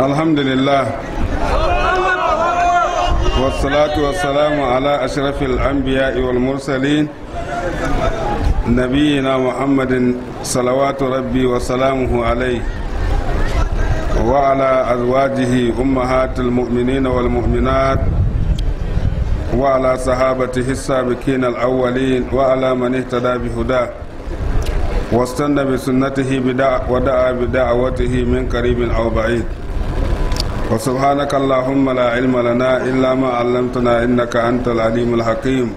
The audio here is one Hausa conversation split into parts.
alhamdulillah wasalatu wasalamu ala ashrafil anbiya wal mursalin muhammadin salawatu rabbi wa alai wa ala azwajihi ummahatul mu'minin wal mu'minat wa ala sahabati hisabikin al awwalin wa ala man ihtada bi huda واستنى بسنته بدا ودعا بدعوته من قريب او بعيد وسبحانك اللهم لا علم لنا إلا ما علمتنا إنك أنت العليم الحكيم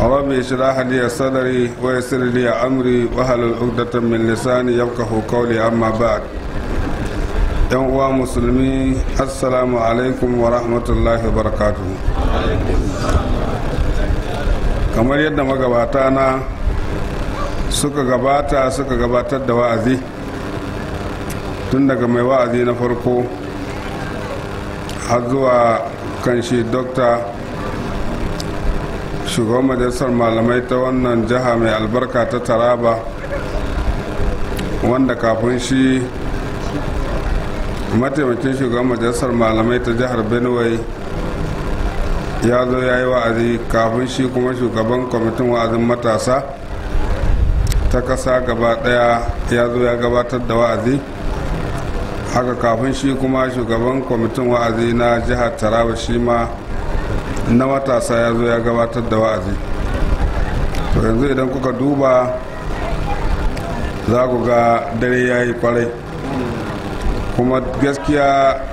رب اشرح لي صدري ويسر لي أمري وهل عقدة من لساني يفقه قولي أما بعد yan uwa musulmi assalamu alaikum wa rahmatullahi kamar yadda magabata na suka gabata suka gabatar da wa'azi tun daga mai wa'azi na farko har zuwa kan shi dokta shugaban majalisar malamai ta wannan jiha mai albarka ta taraba wanda kafin shi mataimakin shugaban majalisar malamai ta jihar benue ya zo ya yi wa'azi kafin shi kuma shugaban kwamitin wa'azin matasa ta kasa gaba daya ya zo ya gabatar da wa'azi haka kafin shi kuma shugaban kwamitin wa'azi na jihar taraba shi ma na matasa ya zo ya gabatar da wa'azi to yanzu idan kuka duba za ku ga dare ya yi kwarai kuma gaskiya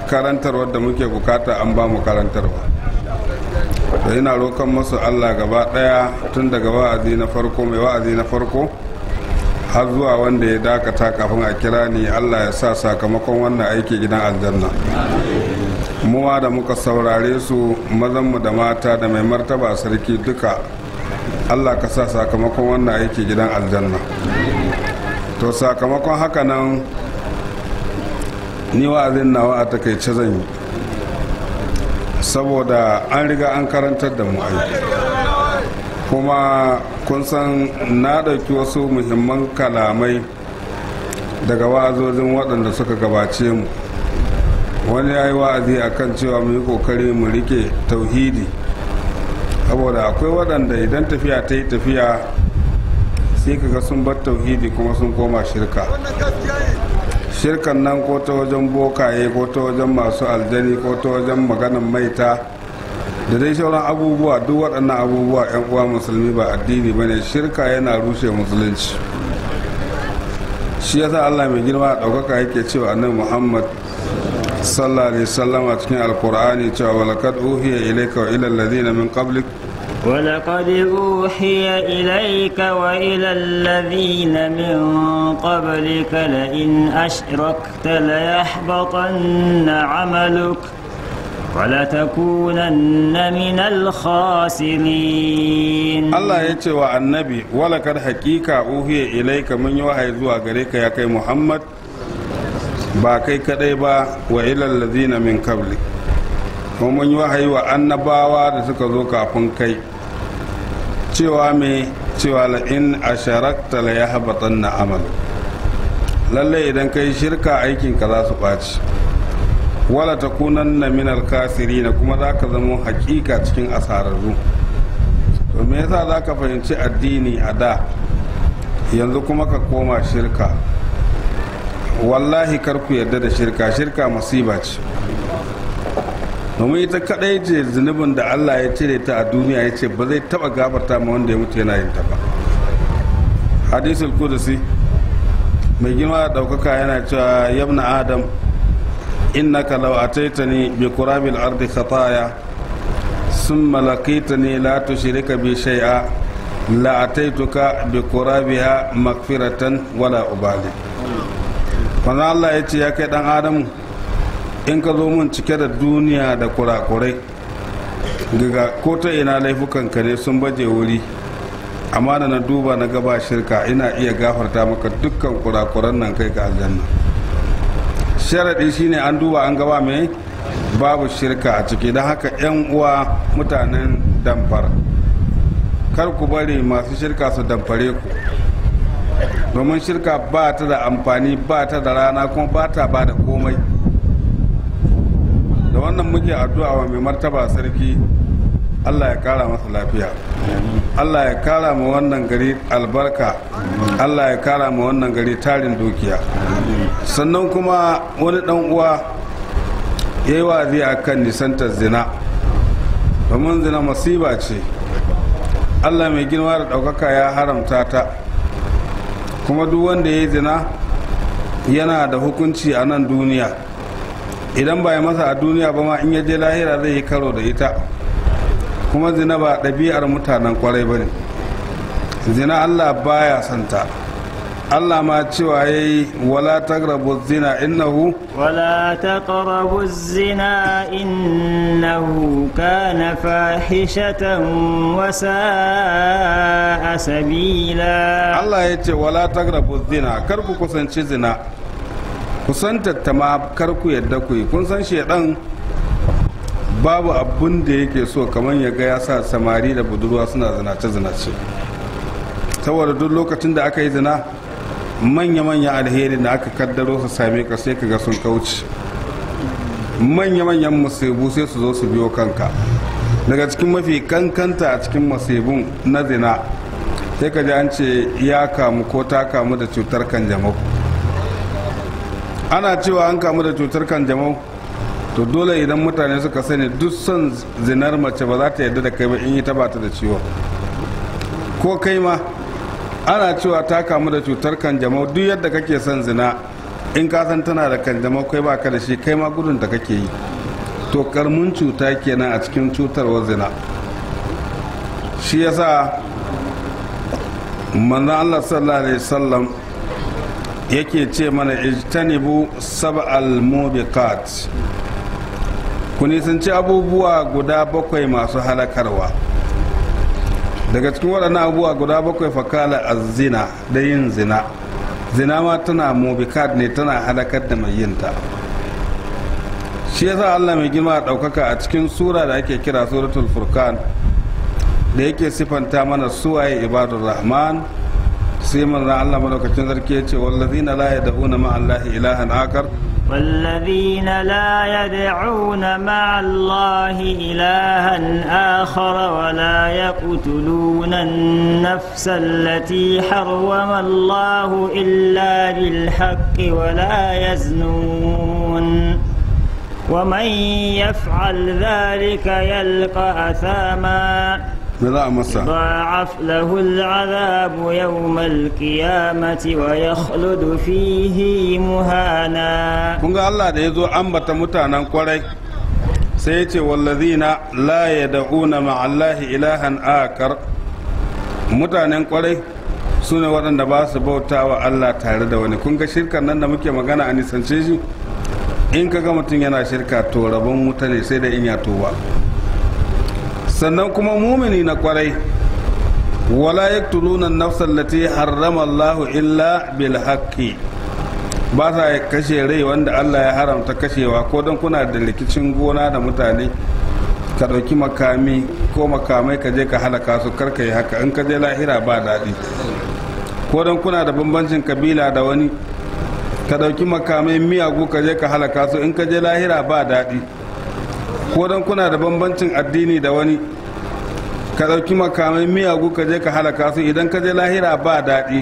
karantarwar da muke bukata an ba mu karantarwa da yana roƙon masu allah gaba ɗaya tun daga wa'azi na farko mai wa'azi na farko har zuwa wanda ya dakata kafin a kira ni allah ya sa sakamakon wannan aiki gidan aljanna muwa da muka saurare su mazanmu da mata da mai martaba sarki duka allah ka sa sakamakon wannan aiki gidan aljanna to sakamakon haka nan ni wa'azin nawa a takaice zan yi saboda an riga an karantar da mu aiki kuma kun san na ɗauki wasu muhimman kalamai daga wa'azozin waɗanda suka gabace mu wani ya yi wa'azi a kan cewa mu yi ƙoƙari mu rike tauhidi saboda akwai waɗanda idan tafiya ta yi tafiya sai kaga sun bar tauhidi kuma sun koma shirka shirkan nan ko ta wajen bokaye ko ta wajen masu aljani ko ta wajen maganan maita da dai sauran abubuwa duk waɗannan abubuwa 'yan uwa musulmi ba addini bane shirka yana rushe musulunci shi yasa Allah mai girma a ɗaukaka yake cewa annabi Muhammad sallallahu alaihi wasallam a cikin alkur'ani cewa walaqad uhiya ilayka wa ila alladhina min qablik ولقد أوحي إليك وإلى الذين من قبلك لئن أشركت ليحبطن عملك ولتكونن من الخاسرين الله يتي والنبي ولقد حقيقة أوهي إليك من يوحي زوا غريك يا كي محمد ba kai kadai ba wa ilal ladina min ko mun yi wahayi wa annabawa da suka zo kafin kai cewa cewa la in asharakta la yahbatanna amal lalle idan kai shirka aikinka za su ɓaci wala ta kunan minal na kuma za ka zama hakika cikin asararru to me yasa za ka fahimci addini a da yanzu kuma ka koma shirka wallahi kar ku yarda da shirka shirka masiba ce domin ita kadai ce zunubin da Allah ya cire ta a duniya ya ce ba zai taba gafarta ma wanda ya mutu yana yin ta ba hadisul kudusi mai girma da daukaka yana cewa yabna adam إنك لو أتيتني بقراب الأرض خطايا ثم لقيتني لا تشرك بي شيئا لأتيتك بقرابها مغفرة ولا أبالي manzo Allah ya ce ya kai dan adamu in ka zo mun cike da duniya da kurakurai daga ko ta ina laifukanka ne sun baje wuri amma da na duba na gaba shirka ina iya gafarta maka dukkan kurakuran nan kai ga aljanna sharaɗi shine an duba an gaba mai babu shirka a ciki don haka 'yan uwa mutanen damfar kar ku bari masu shirka su damfare ku domin shirka ba ta da amfani ba ta da rana kuma ba ta ba da komai da wannan muke addu'a wa mai martaba sarki allah ya kara masa lafiya allah ya kara ma wannan gari albarka allah ya kara ma wannan gari tarin dukiya sannan kuma wani dan uwa ya yi wazi a kan nisantar zina domin zina masiba ce allah mai girma da ɗaukaka ya haramta ta kuma duk wanda ya yi zina yana da hukunci a nan duniya idan ba ya masa a duniya ba ma in ya je lahira zai yi karo da ita kuma zina ba ɗabi'ar mutanen kwarai ba ne zina allah baya santa Allah ma cewa ya yi wala taqrabu zina innahu wala taqrabu zina innahu na fahishatan wasa a sabila Allah ya ce wala taqrabu zina kar kusanci zina kusantar ta ma kar yadda ku yi kun san shedan babu abin da yake so kamar ya ga sa samari da budurwa suna zinace zinace saboda duk lokacin da aka yi zina manya-manya alheri da aka kaddaro su same ka sai ka ga sun kauce manya-manyan masibu sai su zo su biyo kanka daga cikin mafi kankanta a cikin masibun na zina sai ka ji an ce ya kamu ko ta kamu da cutar kanjamau ana cewa an kamu da cutar kanjamau to dole idan mutane suka sani duk son zinar mace ba za ta yarda da kai ba in yi ta bata da ciwo ko kai ma ana cewa ta kamu da cutar kanjamau duk yadda kake son zina in ka san tana da kanjamau kai baka da shi kai ma gudun da kake yi to karmun cuta kenan a cikin cutarwar zina shi yasa manzon Allah sallallahu alaihi wasallam yake ce mana ijtanibu sab'al mubiqat ku nisanci abubuwa guda bakwai masu halakarwa daga cikin waɗannan abubuwa guda bakwai fakala zina da yin zina zina ma tana mubikat ne tana halakar da mai yinta shi yasa Allah mai girma a ɗaukaka a cikin sura da ake kira suratul furkan da yake sifanta mana suwaye ibadur rahman sai mana Allah madaukakin sarki ya ce wallazina la yad'una ma allahi ilahan akar والذين لا يدعون مع الله إلها آخر ولا يقتلون النفس التي حرم الله إلا بالحق ولا يزنون ومن يفعل ذلك يلقى أثاماً يضاعف له العذاب يوم القيامة ويخلد فيه fihi muhana. ga Allah da ya zo ambata mutanen kwarai sai ya ce wallazina la yad'una ma'allahi ilahan akar mutanen kwarai su ne waɗanda ba su bauta wa Allah tare da wani kun ga shirkan nan da muke magana a nisance shi in ka ga mutum yana shirka to rabon mutane sai da in ya toba sannan kuma mumini na kwarai wala ya an nafsar lati harrama allahu illa bil haqqi ba sa kashe rai wanda Allah ya haramta kashewa ko don kuna da rikicin gona da mutane ka ɗauki makami ko makamai ka je ka halaka su karka yi haka in ka je lahira ba daɗi ko don kuna da bambancin kabila da wani ka ɗauki makamai miyagu ka je ka halaka su in ka je lahira ba daɗi ko don kuna da bambancin addini da wani ka ɗauki makamai miyagu ka je ka halaka su idan ka je lahira ba daɗi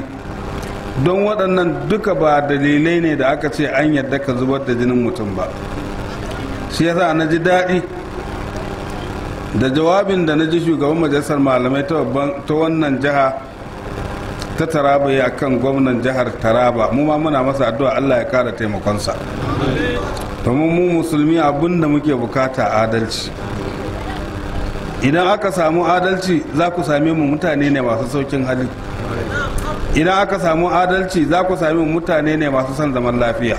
don waɗannan duka ba dalilai ne da aka ce an yadda ka zubar da jinin mutum ba shi yasa na ji daɗi da jawabin da na ji shugaban majalisar malamai ta wannan jiha ta taraba ya kan gwamnan jihar taraba mu ma muna masa addu'a allah ya kara taimakonsa domin mu musulmi abin da muke bukata adalci idan aka samu adalci za ku same mu mutane ne masu saukin hali idan aka samu adalci za ku same mu mutane ne masu son zaman lafiya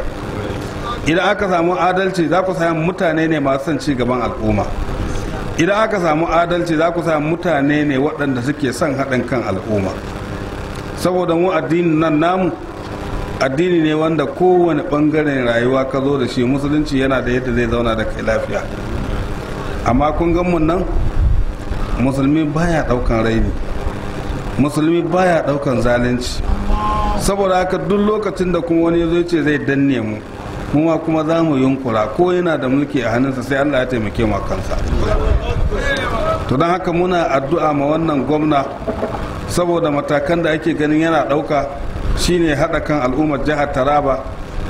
idan aka samu adalci za ku same mutane ne masu son ci gaban al'umma idan aka samu adalci za ku samu mutane ne waɗanda suke son haɗin kan al'umma saboda mu addinin nan namu addini ne wanda kowane bangaren rayuwa ka zo da shi musulunci yana da yadda zai zauna da kai lafiya amma kun gan mun nan musulmi baya daukan raini musulmi baya daukan zalunci saboda haka duk lokacin da kuma wani zo ce zai danne mu mu ma kuma za mu yunkura ko yana da mulki a hannunsa sai Allah ya taimake mu kansa to dan haka muna addu'a ma wannan gwamna saboda matakan da ake ganin yana dauka shine haɗa kan al'ummar jihar taraba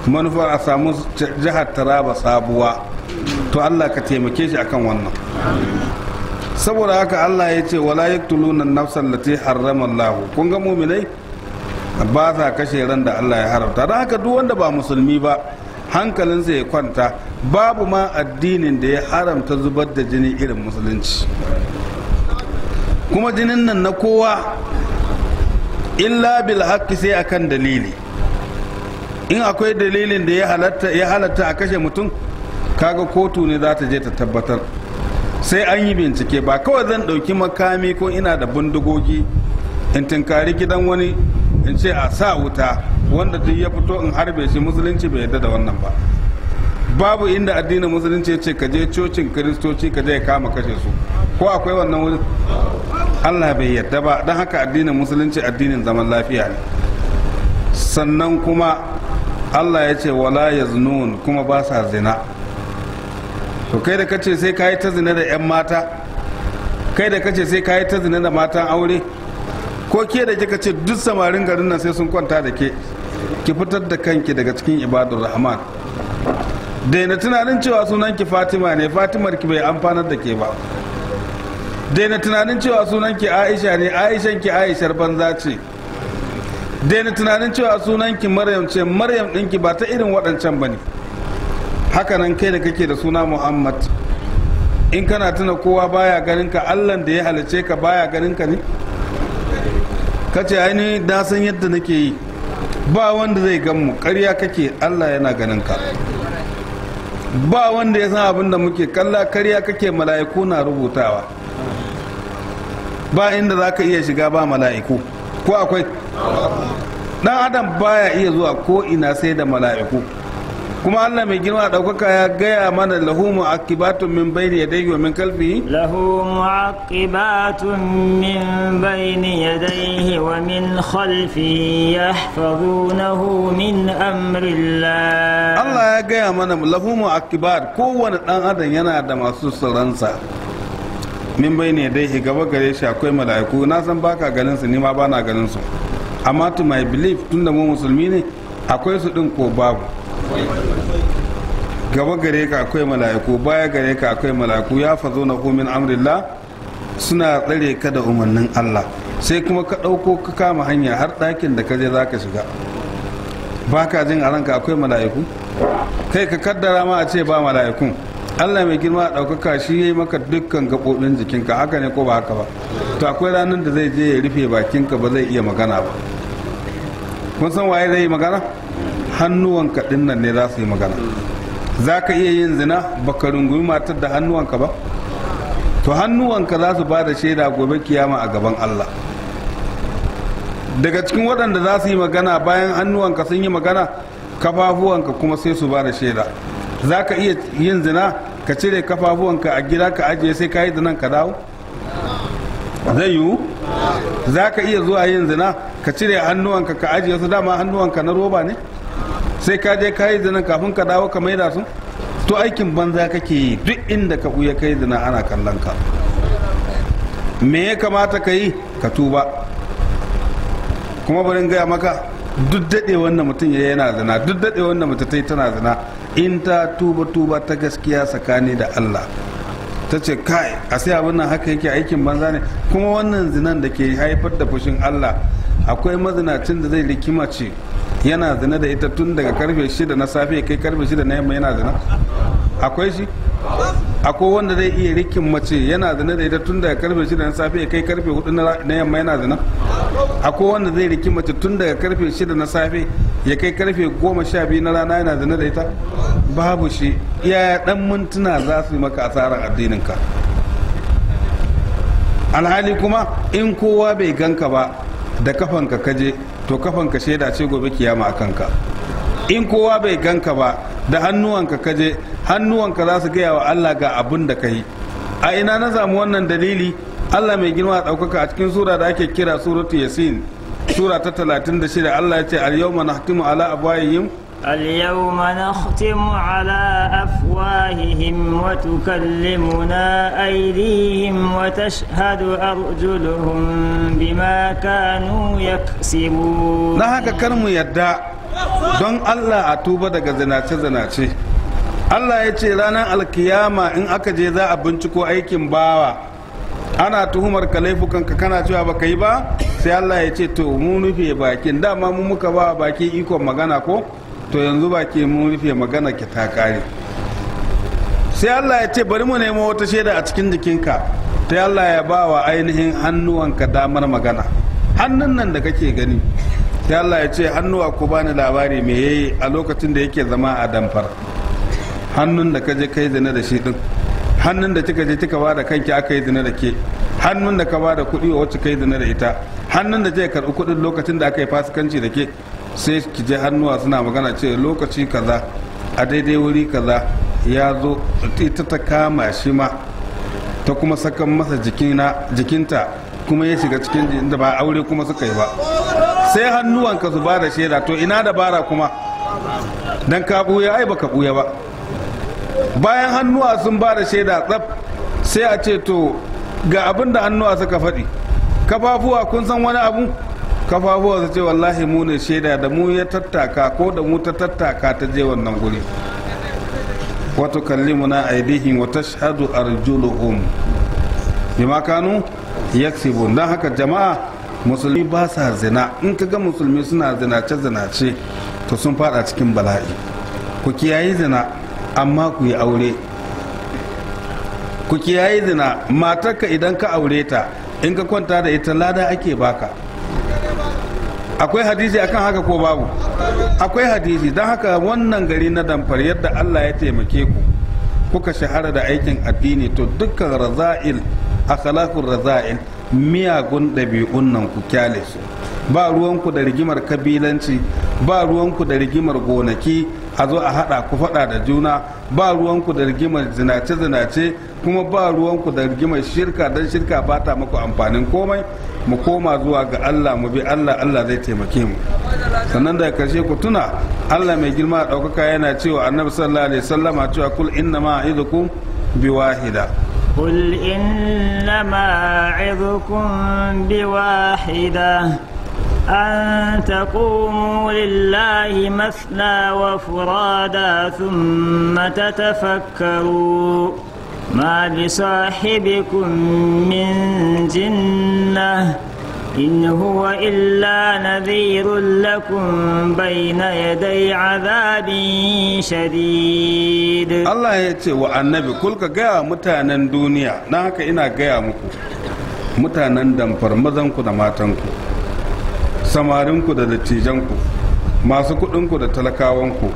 manufar a samu jihar taraba sabuwa to allah ka taimake shi akan wannan saboda haka allah ya ce wala yaktuluna nafsan lati harrama allah kun ga mu'minai ba sa kashe ran da allah ya haramta don haka duk wanda ba musulmi ba hankalinsa ya kwanta babu ma addinin da ya haramta zubar da jini irin musulunci kuma jinin nan na kowa illa bil haqqi sai akan dalili in akwai dalilin da ya halatta ya halatta a kashe mutum kaga kotu ne za ta je ta tabbatar sai an yi bincike ba kawai zan ɗauki makami ko ina da bindigogi in tinkari gidan wani in ce a sa wuta wanda duk ya fito in harbe shi musulunci bai yarda da wannan ba babu inda addinin musulunci ya ce ka je cocin kiristoci ka je kama kashe su ko akwai wannan allah bai yadda ba don haka addinin musulunci addinin zaman lafiya ne sannan kuma allah ya ce wala ya kuma ba sa zina to kai da kace sai ka yi ta zina da 'yan mata kai da kace sai ka yi ta zina da matan aure ko ke da kika ce duk samarin garin nan sai sun kwanta da ke ki fitar da kanki daga cikin ibadur rahman daina tunanin cewa sunan ki fatima ne fatimar ki bai amfanar da ke ba daina tunanin cewa sunan ki aisha ne aishan ki aishar banza ce daina tunanin cewa sunan ki maryam ce maryam ɗinki ba ta irin waɗancan ba ne hakanan kai da kake da suna muhammad in kana tuna kowa baya ganin ka allan da ya halice ka baya ganin ka ne ka ce aini na san yadda nake yi ba wanda zai gan mu ƙarya kake allah yana ganin ka ba wanda ya san abin da muke kalla karya kake mala'iku na rubutawa ba inda za ka iya shiga ba mala'iku ko akwai dan adam baya iya zuwa ko ina sai da mala'iku kuma Allah mai girma ɗaukaka ya gaya mana lahumu akibatun min bayni ya daiyo min kalbi lahumu akibatun min bayni daiyo wa min khalfi na min amrillah Allah ya gaya mana lahumu akibat kowane dan adam yana da masu tsaronsa min bai ne dai gaba gare shi akwai mala'iku na san baka ganin su nima bana ganin su amma to my belief tunda mu musulmi ne akwai su din ko babu gaba gare ka akwai mala'iku baya gare ka akwai mala'iku ya fazo na min amrillah suna tsare ka da umarnin Allah sai kuma ka dauko ka kama hanya har ɗakin da ka je za ka shiga ba ka jin a ranka akwai mala'iku kai ka kaddara ma a ce ba mala'ikun Allah mai girma a ɗaukaka shi ya yi maka dukkan gaɓoɓin jikinka haka ne ko ba haka ba to akwai ranar da zai je ya rufe bakinka ba zai iya magana ba kun san waye zai yi magana hannuwanka ɗin nan ne za su yi magana za ka iya yin zina ba ka rungumi matar da hannuwanka ba to hannuwanka za su ba da shaida gobe kiyama a gaban Allah daga cikin waɗanda za su yi magana bayan hannuwanka sun yi magana kafafuwanka kuma sai su ba da shaida za ka iya yin zina ka cire kafafuwanka a gida ka ajiye sai ka yi da nan ka dawo zai yiwu za ka iya zuwa yin zina ka cire hannuwanka ka ajiye su dama hannuwanka na roba ne sai ka je ka yi zina kafin ka dawo ka maida su to aikin banza kake yi duk inda ka buya kai zina ana kallon ka me ya kamata ka yi ka tuba kuma barin gaya maka duk daɗe wanda mutum ya yana zina duk daɗe wanda mutum tana zina in ta tuba tuba ta gaskiya tsakani da Allah ta ce kai a sai abin nan haka yake aikin banza ne kuma wannan zinan da ke haifar da fushin Allah akwai mazinacin da zai rikima ce yana zina da ita tun daga karfe shida na safe kai karfe shida na yamma yana zina akwai shi akwai wanda zai iya rikin mace yana zina da ita tun daga karfe shida na safe ya kai karfe hudu na yamma yana zina akwai wanda zai rikin mace tun daga karfe shida na safe ya kai karfe goma sha biyu na rana yana zina da ita babu shi iyaya dan mintuna za su yi maka asarar addininka alhali kuma in kowa bai ganka ba da kafanka kaje to kafanka shaida ce gobe kiyama a kanka in kowa bai ganka ba da hannuwanka ka je hannuwanka za su gaya wa Allah ga abin da ka yi a ina na samu wannan dalili Allah mai girma ɗaukaka a cikin sura da ake kira suratu yasin sura ta shida, Allah ya ce al-yawma nahtimu ala abwayihim اليوم نختم على أفواههم وتكلمنا أيديهم وتشهد أرجلهم بما Na haka don Allah a tuba daga zinace-zinace Allah ya ce ranar alkiyama in aka je za a binciko aikin bawa ana tuhumar ka laifukanka kana cewa baka yi ba sai Allah ya ce to mu rufe bakin dama mu muka ba baki ikon magana ko to yanzu baki mu rufe magana ki ta kare sai Allah ya ce bari mu nemo wata shaida a cikin jikinka sai Allah ya ba wa ainihin hannuwanka damar magana hannun nan da kake gani sai Allah ya ce hannuwa ku bani labari me yayi a lokacin da yake zama a damfar hannun da kaje kai zina da shi din hannun da kika je kika ba da kanki aka yi zina da ke hannun da ka ba da kuɗi wacce kai zina da ita hannun da je karɓi kuɗin lokacin da aka yi fasikanci da ke sai ki je hannuwa suna magana ce lokaci kaza a daidai wuri kaza ya zo ita ta kama shi ma ta kuma sakan masa jikinta kuma ya shiga cikin da ba aure kuma suka yi ba sai hannuwanka su ba da shaida to ina dabara kuma dan ka buya ai baka buya ba bayan hannuwa sun ba da shaida tsaf sai a ce to ga abin da hannuwa suka faɗi kafafuwa kun san wani abu kafafuwa su ce wallahi mu ne shaida da mu ya tattaka ko da mu ta tattaka ta je wannan guri wato kallimuna aidihim wa tashhadu arjuluhum bima kanu yaksibun dan haka jama'a musulmi ba sa zina in ka ga musulmi suna zinace zinace to sun fada cikin bala'i ku kiyayi zina amma ku yi aure ku kiyayi zina matarka idan ka aure ta in ka kwanta da ita lada ake baka akwai hadisi akan haka ko babu akwai hadisi don haka wannan gari na damfar yadda allah ya taimake ku kuka shahara da aikin addini to dukkan raza'il akhlaqur raza'il miyagun ɗabi'un nan ku kyale su ba ruwanku da rigimar kabilanci ba ruwanku da rigimar gonaki a zo a haɗa ku faɗa da juna ba ruwanku da rigimar zinace-zinace kuma ba ruwanku da rigimar shirka don shirka ba ta muku amfanin komai mu koma zuwa ga allah mu bi allah allah zai taimake mu sannan daga karshe ku tuna allah mai girma a ɗaukaka yana cewa annabi sallallahu alaihi wasallama cewa kul inna ma izukum bi wahida قل إنما أعظكم بواحدة أن تقوموا لله مثنى وفرادا ثم تتفكروا ما لصاحبكم من جنه إن هو إلا نذير لكم بين Allah ya ce wa Annabi "Kulka gaya كجا متانا دنيا ناك إنا جا مكو متانا دمفر مزنكو دماتنكو samarinku da dattijanku masu kuɗinku da talakawanku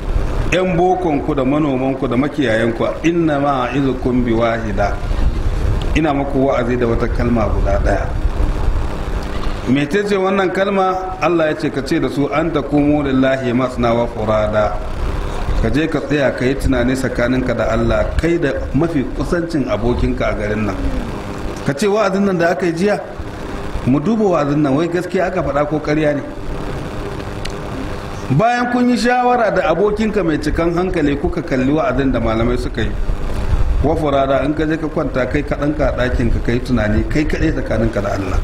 'yan bokonku da manomanku da makiyayanku inna ma'a izukum bi wahida ina muku wa'azi da wata kalma guda ɗaya metece wannan kalma allah ya ce ka ce da su an ta komo lillahi masna wa furada ka je ka tsaya ka yi tunani tsakaninka da allah kai da mafi kusancin abokinka a garin nan ka ce wa'azin nan da aka yi jiya mu duba wa'azin nan wai gaskiya aka faɗa ko karya ne bayan kun yi shawara da abokinka mai cikan hankali kuka kalli wa'azin da malamai suka yi wa furada in ka je ka kwanta kai kaɗan ka ɗakin ka kai tunani kai kaɗai tsakaninka da allah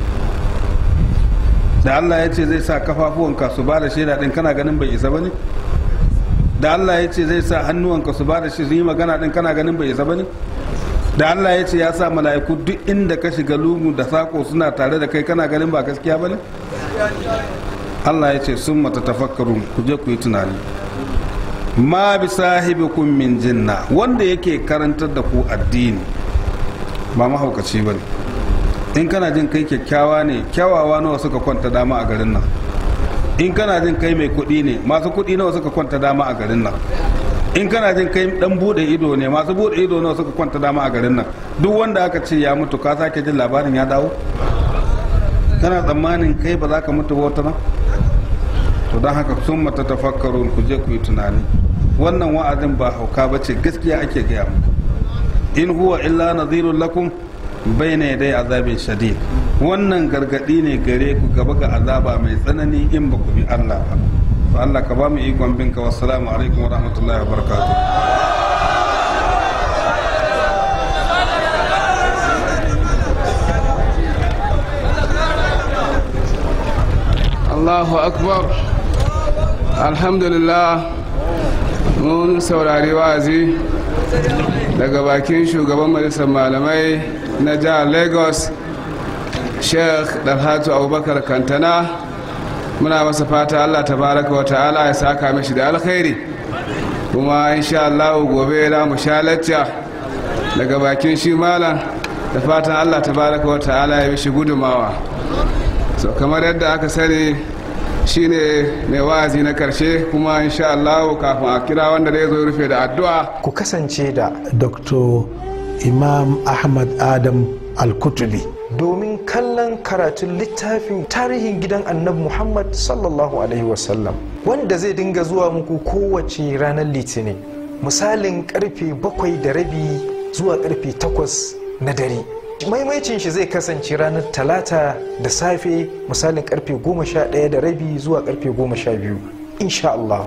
da Allah ya ce zai sa kafafuwanka su ba da shaida din kana ganin bai isa bane da Allah ya ce zai sa hannuwanka su ba da shi su yi magana din kana ganin bai isa bane da Allah ya ce ya sa mala'iku duk inda ka shiga lungu da sako suna tare da kai kana ganin ba gaskiya bane Allah ya ce sun mata tafakkarun ku je ku yi tunani ma bi sahibikum min jinna wanda yake karantar da ku addini ba mahaukaci bane in kana jin kai kyakkyawa ne kyawawa nawa suka kwanta dama a garin nan in kana jin kai mai kuɗi ne masu kuɗi nawa suka kwanta dama a garin nan in kana jin kai dan bude ido ne masu bude ido nawa suka kwanta dama a garin nan duk wanda aka ce ya mutu ka sake jin labarin ya dawo kana tsammanin kai ba za ka mutu ba wata ba to don haka sun mata tafakkaru ku je ku yi tunani wannan wa'azin ba hauka ba ce gaskiya ake gaya mu in huwa illa nazirun lakum ne dai azabin shadid wannan gargadi ne gare ku gaba ga azaba mai tsanani in ba ku bi Allah ba to Allah ka ba mu ikon binka wassalamu alaikum wa rahmatullahi wa barakatuh Allahu akbar alhamdulillah mun saurari wa'azi daga bakin shugaban majalisar malamai na jihar lagos sheikh dalhatu abubakar kantana muna masa fata allah tabaraka wa ta'ala ya saka mashi da alkhairi kuma insha Allah gobe za mu sha lacca daga bakin shi malam da fatan Allah tabaraka wa ta'ala ya mishi gudumawa so kamar yadda aka sani shine mai wa'azi na karshe kuma insha Allah kafin a kira wanda zai zo rufe da addu'a ku kasance da Dr. imam ahmad adam al-kutubi domin kallon karatun littafin tarihin gidan annabi muhammad sallallahu alaihi wasallam wanda zai dinga zuwa muku kowace ranar litinin misalin karfe bakwai da rabi zuwa karfe takwas na dare maimaicin shi zai kasance ranar talata da safe misalin karfe goma sha ɗaya da rabi zuwa karfe goma sha biyu insha Allah.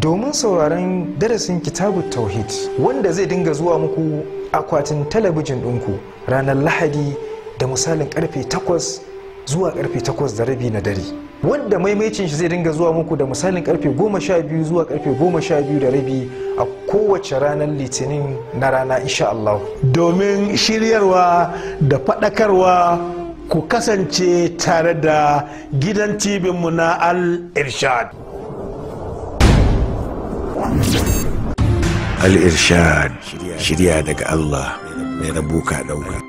domin sauraron darasin kitabu tauhid wanda zai dinga zuwa muku akwatin talabijin ɗinku ranar lahadi da misalin karfe 8 zuwa karfe 8 da rabi na dare wanda maimacin shi zai dinga zuwa muku da misalin karfe 12 zuwa karfe 12 da rabi a kowace ranar litinin na rana insha Allah domin shiryarwa da faɗakarwa ku kasance tare da gidan tibinmu na al-irshad al shirya daga Allah mai ka ɗauka